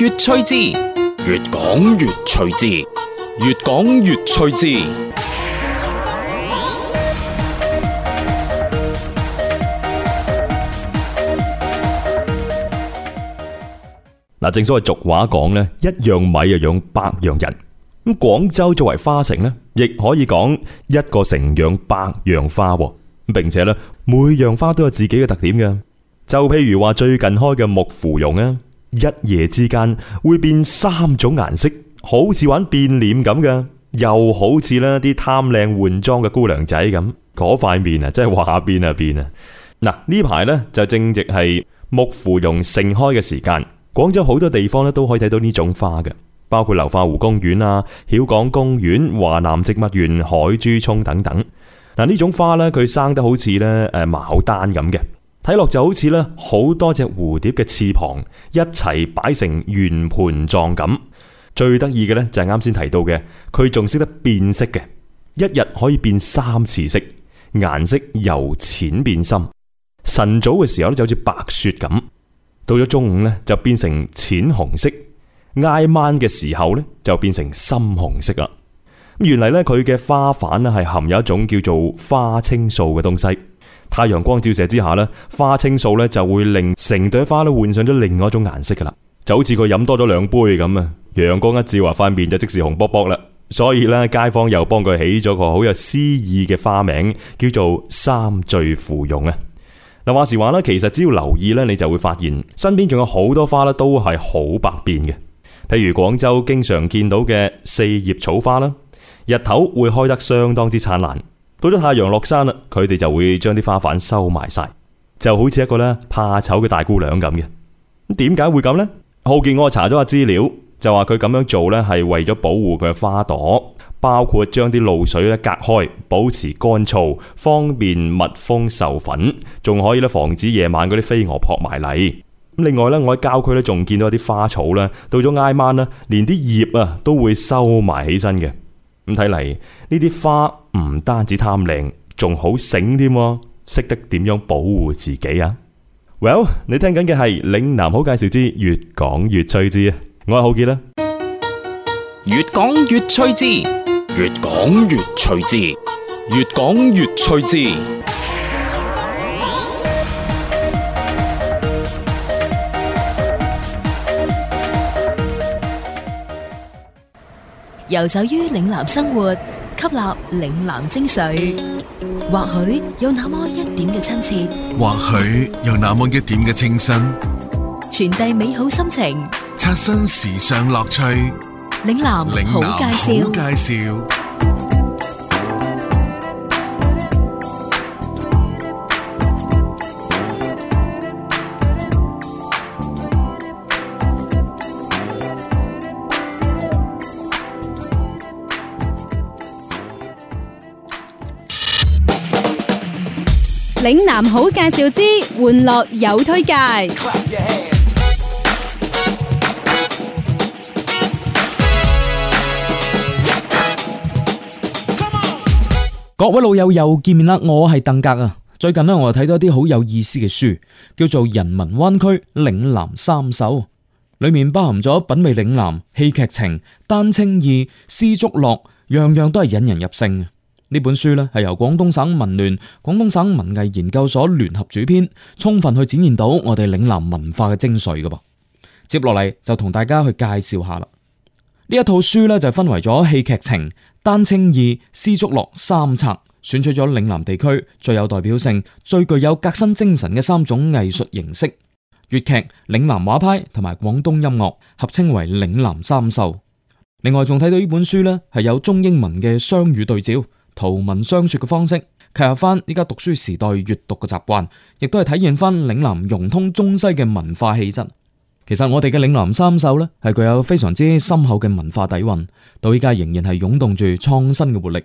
越趣致，越講越趣致，越講越趣致。嗱，正所謂俗話講咧，一樣米就養百樣人。咁廣州作為花城咧，亦可以講一個城養百樣花，並且咧每樣花都有自己嘅特點嘅。就譬如話最近開嘅木芙蓉啊。一夜之間會變三種顏色，好似玩變臉咁嘅，又好似呢啲貪靚換裝嘅姑娘仔咁。嗰塊面啊，真係話變啊變啊！嗱，呢排呢，就正值係木芙蓉盛開嘅時間，廣州好多地方咧都可以睇到呢種花嘅，包括流花湖公園啊、曉港公園、華南植物園、海珠涌等等。嗱，呢種花呢，佢生得好似呢誒牡丹咁嘅。睇落就好似咧，好多隻蝴蝶嘅翅膀一齊擺成圓盤狀咁，最得意嘅呢，就係啱先提到嘅，佢仲識得變色嘅，一日可以變三次色，顏色由淺變深。晨早嘅時候咧，就好似白雪咁，到咗中午呢，就變成淺紅色，挨晚嘅時候呢，就變成深紅色啦。原來咧，佢嘅花瓣呢係含有一種叫做花青素嘅東西。太陽光照射之下咧，花青素咧就會令成朵花都換上咗另外一種顏色噶啦，就好似佢飲多咗兩杯咁啊！陽光一照，話塊面就即時紅卜卜啦。所以呢，街坊又幫佢起咗個好有詩意嘅花名，叫做三醉芙蓉啊！嗱，話時話啦，其實只要留意呢，你就會發現身邊仲有好多花咧都係好百變嘅，譬如廣州經常見到嘅四葉草花啦，日頭會開得相當之燦爛。到咗太陽落山啦，佢哋就會將啲花瓣收埋晒，就好似一個咧怕醜嘅大姑娘咁嘅。咁點解會咁呢？浩杰，我查咗下資料，就話佢咁樣做咧係為咗保護佢嘅花朵，包括將啲露水咧隔開，保持乾燥，方便蜜蜂授粉，仲可以咧防止夜晚嗰啲飛蛾撲埋嚟。另外咧，我喺郊區咧仲見到啲花草咧，到咗挨晚咧，連啲葉啊都會收埋起身嘅。咁睇嚟，呢啲花唔單止貪靚，仲好醒添，識得點樣保護自己啊！Well，你聽緊嘅係嶺南好介紹之越講越趣之啊！我係浩杰啦，越講越趣之，「越講越趣之，「越講越趣之。越遊走於嶺南生活，吸納嶺南精髓，或許有那麼一點嘅親切，或許有那麼一點嘅清新，傳遞美好心情，刷新時尚樂趣。嶺南好介紹。嶺南好介紹之，玩樂有推介。各位老友又見面啦，我係鄧格啊。最近呢，我睇到一啲好有意思嘅書，叫做《人文灣區嶺南三秀》，裏面包含咗品味嶺南、戲劇情、丹青意、絲竹樂，樣樣都係引人入勝。呢本書咧，係由廣東省文聯、廣東省文藝研究所聯合主編，充分去展現到我哋嶺南文化嘅精髓噶噃。接落嚟就同大家去介紹下啦。呢一套書咧，就分為咗戲劇情、丹青意、絲竹樂三冊，選取咗嶺南地區最有代表性、最具有革新精神嘅三種藝術形式：粵劇、嶺南畫派同埋廣東音樂，合稱為嶺南三秀。另外仲睇到呢本書呢，係有中英文嘅雙語對照。圖文雙說嘅方式，契合翻依家讀書時代閱讀嘅習慣，亦都係體現翻嶺南融通中西嘅文化氣質。其實我哋嘅嶺南三秀呢，係具有非常之深厚嘅文化底蘊，到依家仍然係湧動住創新嘅活力。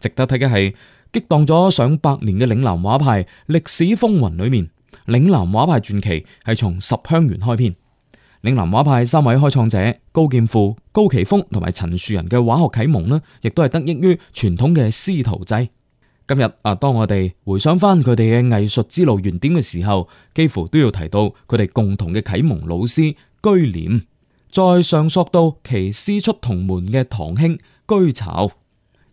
值得睇嘅係激盪咗上百年嘅嶺南畫派歷史風雲裏面，嶺南畫派傳奇係從十香園開篇。嶺南畫派三位開創者高劍父、高奇峰同埋陳樹人嘅畫學啓蒙呢，亦都係得益於傳統嘅師徒制。今日啊，當我哋回想翻佢哋嘅藝術之路原點嘅時候，幾乎都要提到佢哋共同嘅啓蒙老師居廉。再上溯到其師出同門嘅堂兄居巢。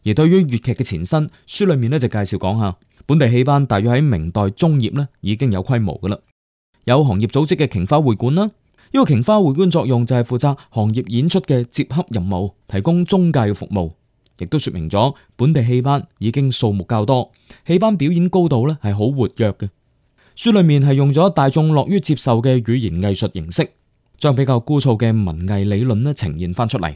而對於粵劇嘅前身，書裡面呢就介紹講下，本地戲班大約喺明代中葉呢已經有規模噶啦，有行業組織嘅瓊花會館啦。呢個瓊花會館作用就係負責行業演出嘅接洽任務，提供中介嘅服務，亦都說明咗本地戲班已經數目較多，戲班表演高度咧係好活躍嘅。書裏面係用咗大眾樂於接受嘅語言藝術形式，將比較枯燥嘅文藝理論咧呈現翻出嚟。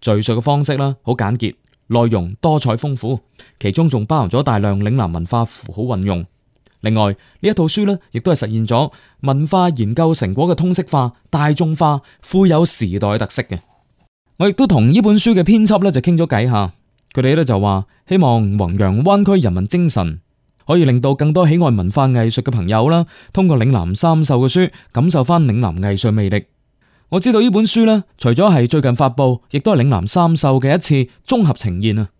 敘述嘅方式啦，好簡潔，內容多彩豐富，其中仲包含咗大量嶺南文化符號運用。另外，呢一套書呢，亦都係實現咗文化研究成果嘅通識化、大眾化、富有時代特色嘅。我亦都同呢本書嘅編輯咧就傾咗計下，佢哋咧就話希望弘揚灣區人民精神，可以令到更多喜愛文化藝術嘅朋友啦，通過嶺南三秀嘅書感受翻嶺南藝術魅力。我知道呢本書呢，除咗係最近發布，亦都係嶺南三秀嘅一次綜合呈現啊。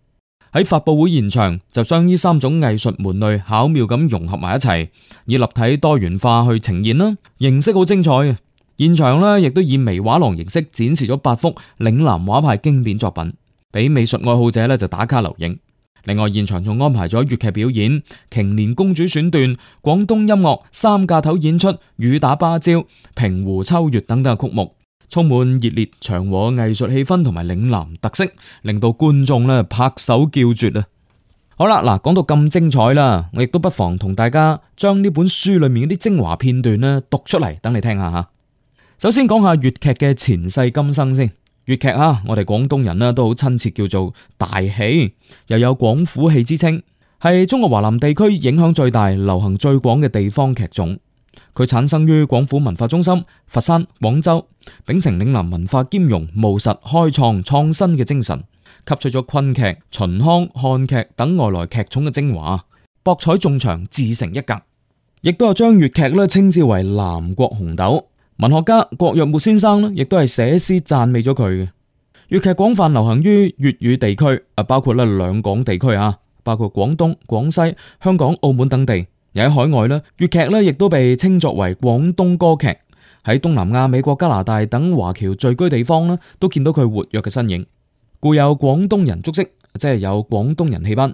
喺發布會現場就將呢三種藝術門類巧妙咁融合埋一齊，以立體多元化去呈現啦，形式好精彩。現場呢，亦都以微畫廊形式展示咗八幅嶺南畫派經典作品，俾美術愛好者呢就打卡留影。另外，現場仲安排咗粵劇表演《瓊年公主》選段、廣東音樂《三架頭》演出、《雨打芭蕉》、《平湖秋月》等等曲目。充滿熱烈祥和嘅藝術氣氛同埋嶺南特色，令到觀眾咧拍手叫絕啊！好啦，嗱，講到咁精彩啦，我亦都不妨同大家將呢本書裏面啲精華片段咧讀出嚟，等你聽下吓。首先講下粵劇嘅前世今生先。粵劇啊，我哋廣東人咧都好親切叫做大戲，又有廣府戲之稱，係中國華南地區影響最大、流行最廣嘅地方劇種。佢產生於廣府文化中心佛山、廣州，秉承嶺南文化兼容、務實、開創、創新嘅精神，吸取咗崑劇、秦腔、漢劇等外來劇種嘅精華，博採眾長，自成一格。亦都係將粵劇咧稱之為南國紅豆。文學家郭沫若先生亦都係寫詩讚美咗佢嘅。粵劇廣泛流行於粵語地區，啊，包括咧兩廣地區啊，包括廣東、廣西、香港、澳門等地。又喺海外咧，粵劇咧亦都被稱作為廣東歌劇。喺東南亞、美國、加拿大等華僑聚居地方呢，都見到佢活躍嘅身影。故有廣東人足跡，即係有廣東人戲班。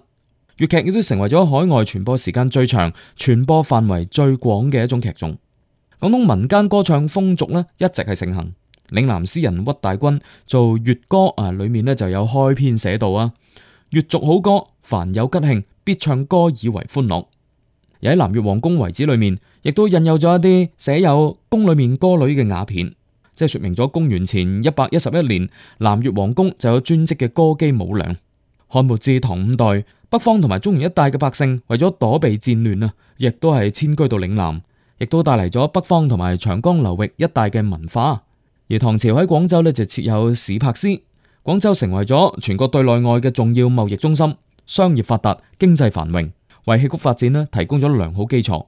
粵劇亦都成為咗海外傳播時間最長、傳播範圍最廣嘅一種劇種。廣東民間歌唱風俗呢，一直係盛行。嶺南詩人屈大均做《粵歌》啊，裏面呢就有開篇寫道啊：粵俗好歌，凡有吉慶，必唱歌以為歡樂。而喺南越王宮遺址裏面，亦都印有咗一啲寫有宮裏面歌女嘅瓦片，即係說明咗公元前一百一十一年南越王宮就有專職嘅歌姬舞娘。漢末至唐五代，北方同埋中原一帶嘅百姓為咗躲避戰亂啊，亦都係遷居到嶺南，亦都帶嚟咗北方同埋長江流域一帶嘅文化。而唐朝喺廣州呢，就設有市舶司。廣州成為咗全國對內外嘅重要貿易中心，商業發達，經濟繁榮。為戲曲發展呢，提供咗良好基礎。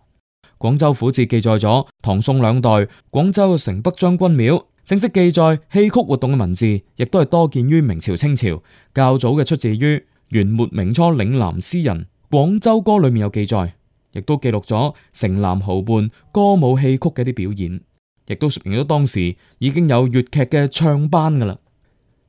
廣州府志記載咗唐宋兩代廣州城北將軍廟正式記載戲曲活動嘅文字，亦都係多見於明朝清朝。較早嘅出自於元末明初嶺南詩人《廣州歌》裏面有記載，亦都記錄咗城南豪畔歌舞戲曲嘅一啲表演，亦都說明咗當時已經有粵劇嘅唱班㗎喇。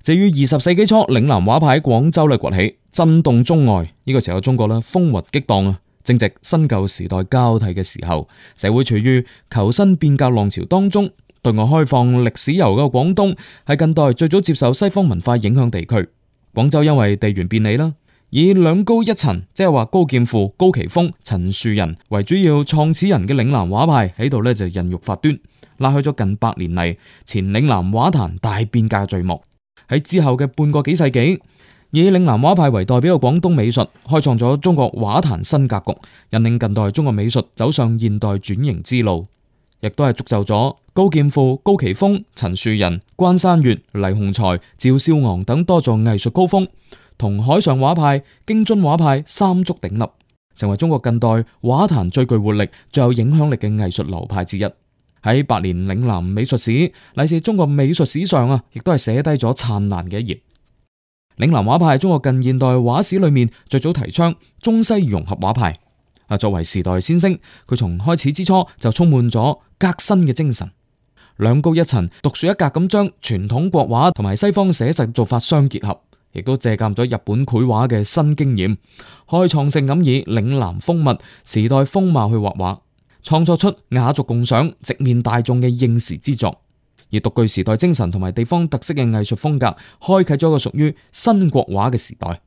至於二十世紀初嶺南畫派喺廣州咧崛起。震動中外，呢個時候中國咧風雲激盪啊，正值新舊時代交替嘅時候，社會處於求新變革浪潮當中。對外開放歷史游嘅廣東，係近代最早接受西方文化影響地區。廣州因為地緣便利啦，以兩高一陳，即係話高劍父、高奇峰、陳樹人為主要創始人嘅嶺南畫派喺度咧就孕育發端，拉開咗近百年嚟，前嶺南畫壇大變革嘅序幕。喺之後嘅半個幾世紀，以嶺南畫派為代表嘅廣東美術，開創咗中國畫壇新格局，引領近代中國美術走上現代轉型之路，亦都係鑄就咗高劍父、高奇峰、陳樹人、關山月、黎雄才、趙少昂等多座藝術高峰，同海上畫派、京津畫派三足鼎立，成為中國近代畫壇最具活力、最有影響力嘅藝術流派之一。喺百年嶺南美術史，乃至中國美術史上啊，亦都係寫低咗燦爛嘅一頁。嶺南畫派，中國近現代畫史裏面最早提倡中西融合畫派。啊，作為時代先聲，佢從開始之初就充滿咗革新嘅精神，兩高一陳，獨樹一格咁將傳統國畫同埋西方寫實做法相結合，亦都借鑒咗日本繪畫嘅新經驗，開創性咁以嶺南風物、時代風貌去畫畫，創作出雅俗共賞、直面大眾嘅應時之作。而獨具時代精神同埋地方特色嘅藝術風格，開啟咗一個屬於新國畫嘅時代。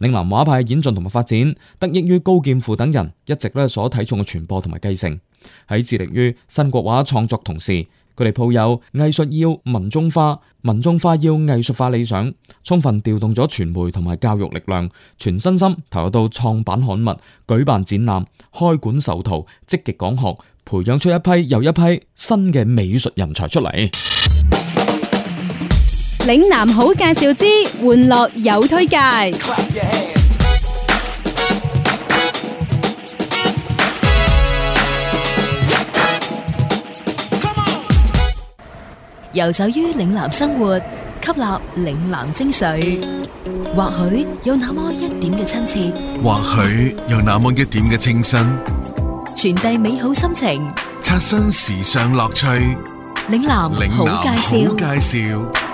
嶺南畫派嘅演進同埋發展，得益於高劍父等人一直咧所睇重嘅傳播同埋繼承。喺致力於新國畫創作同時，佢哋抱有藝術要民眾化，民眾化要藝術化理想，充分調動咗傳媒同埋教育力量，全身心投入到創辦刊物、舉辦展覽、開館授徒，積極講學，培養出一批又一批新嘅美術人才出嚟。嶺南好介紹之，玩樂有推介。游走於嶺南生活，吸納嶺南精髓，或許有那麼一點嘅親切，或許有那麼一點嘅清新，傳遞美好心情，刷新時尚樂趣。嶺南好介紹，好介紹。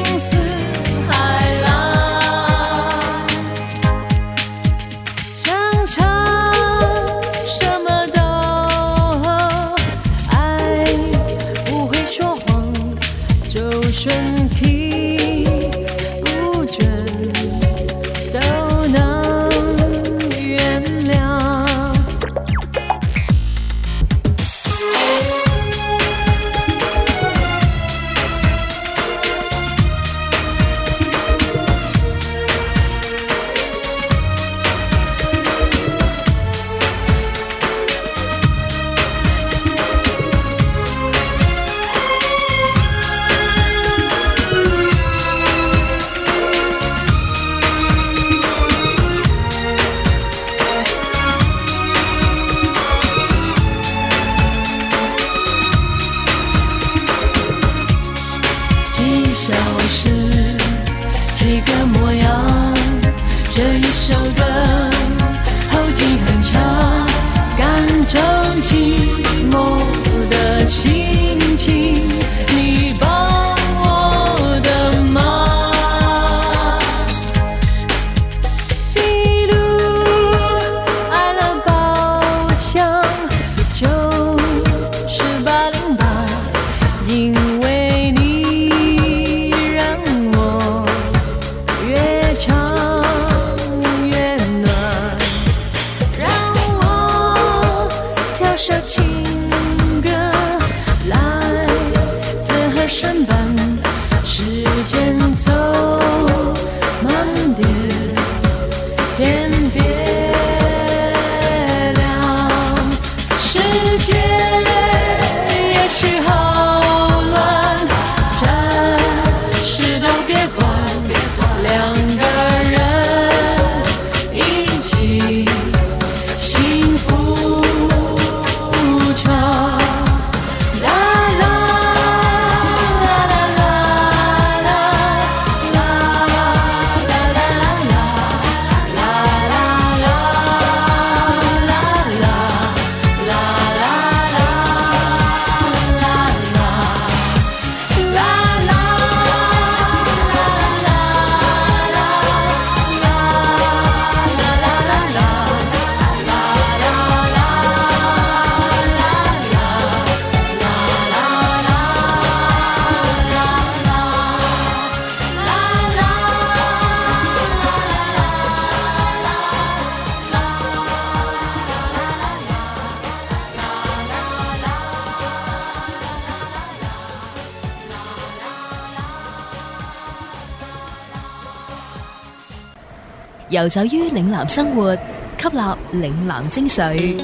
遊走於嶺南生活，吸納嶺南精髓，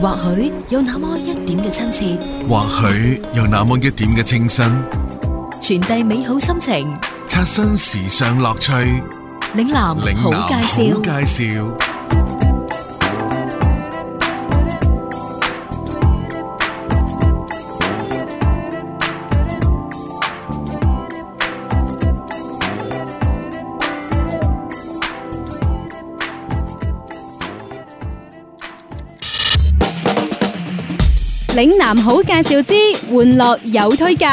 或許有那麼一點嘅親切，或許有那麼一點嘅清新，傳遞美好心情，刷新時尚樂趣。嶺南好介紹，好介紹。嶺南好介紹之，玩樂有推介。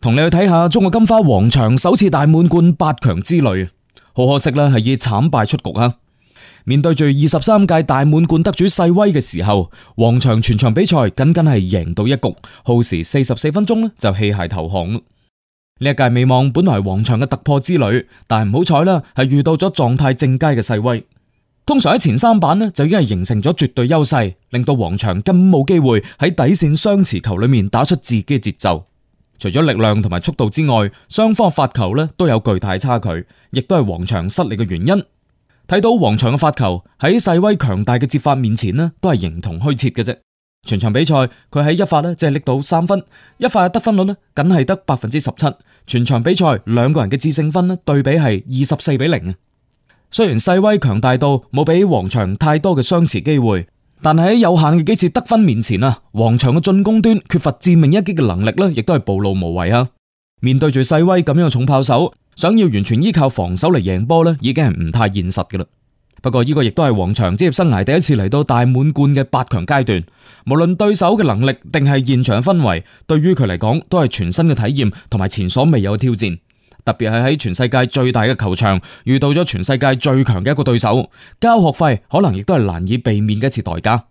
同你去睇下中國金花王薔首次大滿貫八強之旅，好可惜啦，係以慘敗出局啊！面對住二十三屆大滿貫得主世威嘅時候，王薔全場比賽僅僅係贏到一局，耗時四十四分鐘咧就棄械投降呢一屆美網本來係王薔嘅突破之旅，但係唔好彩啦，係遇到咗狀態正佳嘅細威。通常喺前三板呢，就已經係形成咗絕對優勢，令到王薔更冇機會喺底線雙持球裏面打出自己嘅節奏。除咗力量同埋速度之外，雙方發球呢都有巨大嘅差距，亦都係王薔失利嘅原因。睇到王薔嘅發球喺細威強大嘅接發面前呢，都係形同虛設嘅啫。全場比賽佢喺一發呢，只係拎到三分，一發嘅得分率呢，僅係得百分之十七。全場比賽兩個人嘅致勝分呢，對比係二十四比零。雖然世威強大到冇俾王薔太多嘅相持機會，但喺有限嘅幾次得分面前啊，王薔嘅進攻端缺乏致命一擊嘅能力呢，亦都係暴露無遺啊！面對住世威咁樣嘅重炮手，想要完全依靠防守嚟贏波呢，已經係唔太現實嘅啦。不過呢個亦都係王長職業生涯第一次嚟到大滿貫嘅八強階段，無論對手嘅能力定係現場氛圍，對於佢嚟講都係全新嘅體驗同埋前所未有嘅挑戰。特別係喺全世界最大嘅球場遇到咗全世界最強嘅一個對手，交學費可能亦都係難以避免嘅一次代價。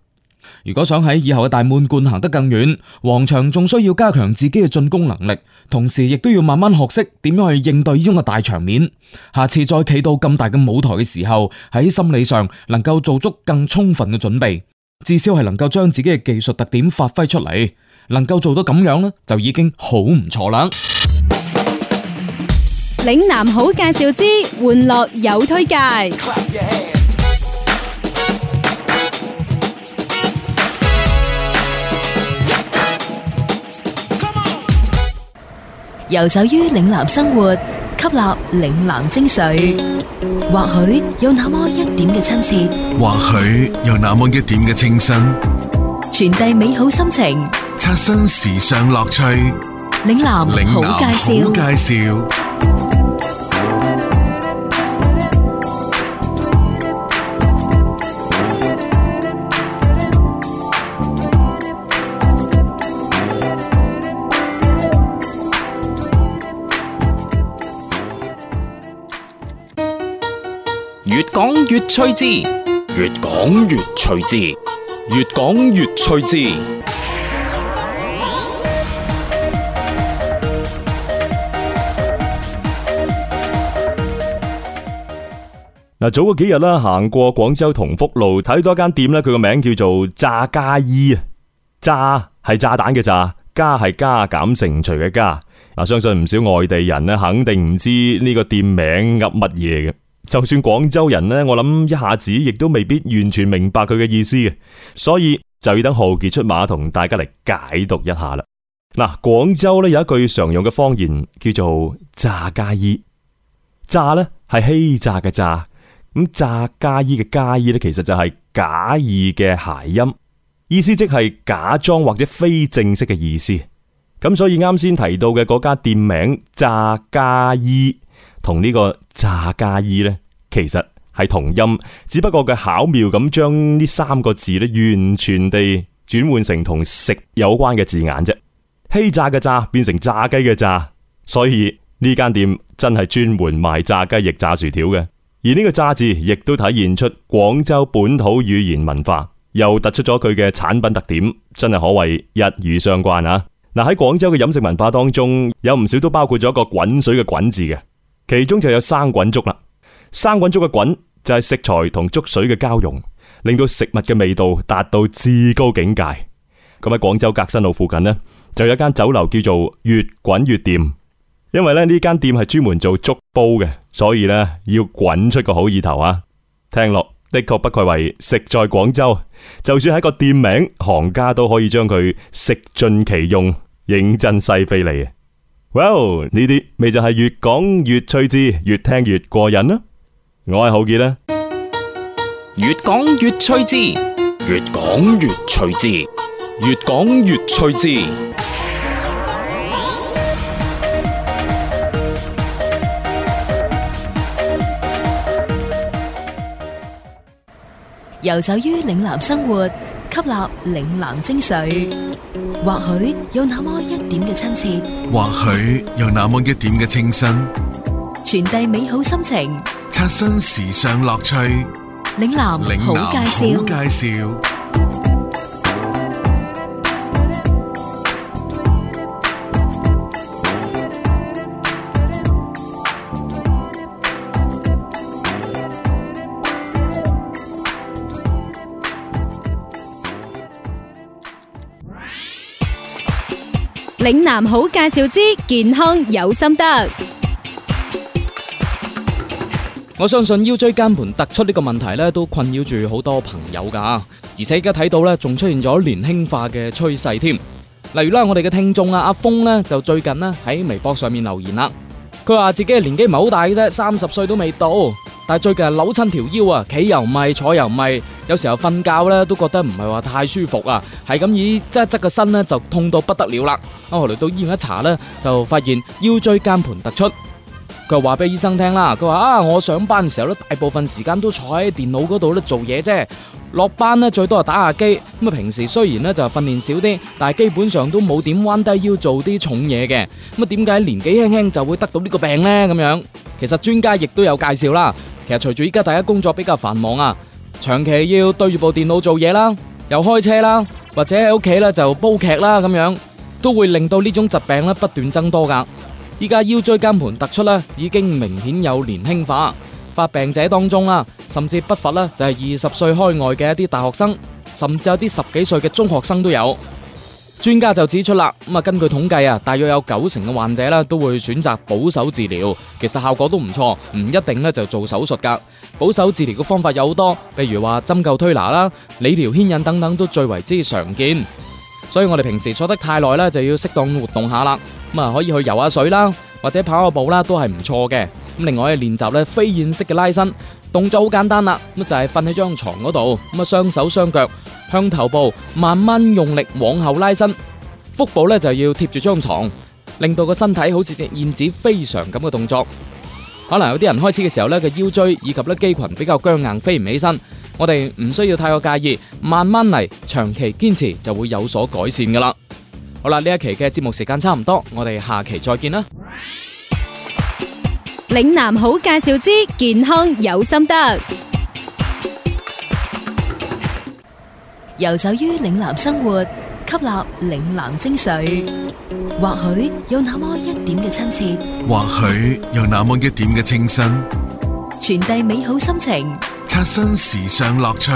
如果想喺以後嘅大滿貫行得更遠，王長仲需要加強自己嘅進攻能力，同時亦都要慢慢學識點樣去應對呢種嘅大場面。下次再企到咁大嘅舞台嘅時候，喺心理上能夠做足更充分嘅準備，至少係能夠將自己嘅技術特點發揮出嚟，能夠做到咁樣呢，就已經好唔錯啦。嶺南好介紹之，玩樂有推介。遊走於嶺南生活，吸納嶺南精髓，或許有那麼一點嘅親切，或許有那麼一點嘅清新，傳遞美好心情，刷新時尚樂趣。嶺南好介紹。越趣字，越講越趣字，越講越趣字。嗱，早嗰幾日咧，行過廣州同福路，睇到一間店咧，佢個名叫做炸加衣啊。炸係炸彈嘅炸，加係加減乘除嘅加。嗱，相信唔少外地人咧，肯定唔知呢個店名噏乜嘢嘅。就算廣州人呢，我諗一下子亦都未必完全明白佢嘅意思嘅，所以就要等浩杰出馬同大家嚟解讀一下啦。嗱，廣州呢有一句常用嘅方言叫做詐加衣，詐呢係欺詐嘅詐。咁詐加衣嘅加衣呢，其實就係假意嘅諧音，意思即係假裝或者非正式嘅意思。咁所以啱先提到嘅嗰家店名詐加衣。同呢個炸加衣呢，其實係同音，只不過佢巧妙咁將呢三個字呢完全地轉換成同食有關嘅字眼啫。欺詐嘅炸變成炸雞嘅炸，所以呢間店真係專門賣炸雞翼、炸薯條嘅。而呢個炸字亦都體現出廣州本土語言文化，又突出咗佢嘅產品特點，真係可謂一語相關啊。嗱，喺廣州嘅飲食文化當中，有唔少都包括咗一個滾水嘅滾字嘅。其中就有生滾粥啦，生滾粥嘅滾就係食材同粥水嘅交融，令到食物嘅味道達到至高境界。咁喺廣州革新路附近呢，就有一間酒樓叫做越滾越掂。因為咧呢間店係專門做粥煲嘅，所以呢要滾出個好意頭啊！聽落的確不愧為食在廣州，就算喺個店名行家都可以將佢食盡其用，認真犀飛利嚟啊！哇！呢啲咪就係越講越趣致，越聽越過癮囉！我係浩杰啦，越講越趣致，越講越趣致，越講越趣致，游走於嶺南生活。吸納嶺南精髓，或許有那麼一點嘅親切，或許有那麼一點嘅清新，傳遞美好心情，刷新時尚樂趣。嶺南好介紹，好介紹。嶺南好介紹之健康有心得，我相信腰椎間盤突出呢個問題咧都困擾住好多朋友噶，而且而家睇到咧仲出現咗年輕化嘅趨勢添。例如啦，我哋嘅聽眾啊，阿峰呢，就最近咧喺微博上面留言啦，佢話自己年紀唔係好大嘅啫，三十歲都未到。但係最近扭親條腰啊，企又咪，坐又咪，有時候瞓覺咧都覺得唔係話太舒服啊，係咁以側側個身咧就痛到不得了啦。後來到醫院一查咧，就發現腰椎間盤突出。佢話俾醫生聽啦，佢話啊，我上班嘅時候咧，大部分時間都坐喺電腦嗰度咧做嘢啫，落班呢最多係打下機。咁啊平時雖然呢就訓練少啲，但係基本上都冇點彎低腰做啲重嘢嘅。咁啊點解年紀輕輕就會得到呢個病呢？咁樣，其實專家亦都有介紹啦。其實隨住依家大家工作比較繁忙啊，長期要對住部電腦做嘢啦，又開車啦，或者喺屋企咧就煲劇啦咁樣，都會令到呢種疾病咧不斷增多噶。依家腰椎間盤突出咧已經明顯有年輕化，發病者當中啦，甚至不乏咧就係二十歲開外嘅一啲大學生，甚至有啲十幾歲嘅中學生都有。專家就指出啦，咁啊，根據統計啊，大約有九成嘅患者啦都會選擇保守治療，其實效果都唔錯，唔一定咧就做手術噶。保守治療嘅方法有好多，譬如話針灸、推拿啦、理療、牽引等等都最為之常見。所以我哋平時坐得太耐咧，就要適當活動下啦。咁啊，可以去游下水啦，或者跑下步啦，都係唔錯嘅。咁另外可以練習咧飛燕式嘅拉伸。動作好簡單啦，咁就係瞓喺張床嗰度，咁啊雙手雙腳向頭部慢慢用力往後拉伸，腹部呢就要貼住張床，令到個身體好似隻燕子飛翔咁嘅動作。可能有啲人開始嘅時候呢，個腰椎以及呢肌群比較僵硬，飛唔起身。我哋唔需要太過介意，慢慢嚟，長期堅持就會有所改善噶啦。好啦，呢一期嘅節目時間差唔多，我哋下期再見啦。嶺南好介紹之健康有心得，遊走於嶺南生活，吸納嶺南精髓，或許有那麼一點嘅親切，或許有那麼一點嘅清新，傳遞美好心情，刷新時尚樂趣。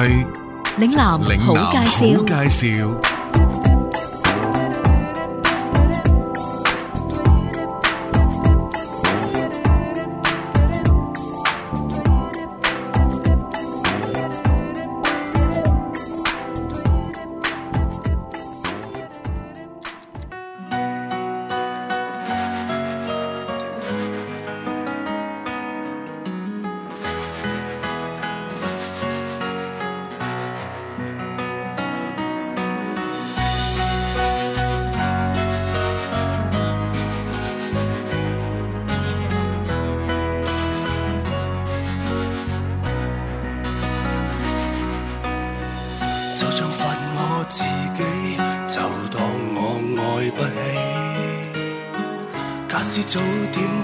嶺南好介紹。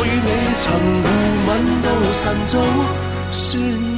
我與你曾互吻到晨早，算。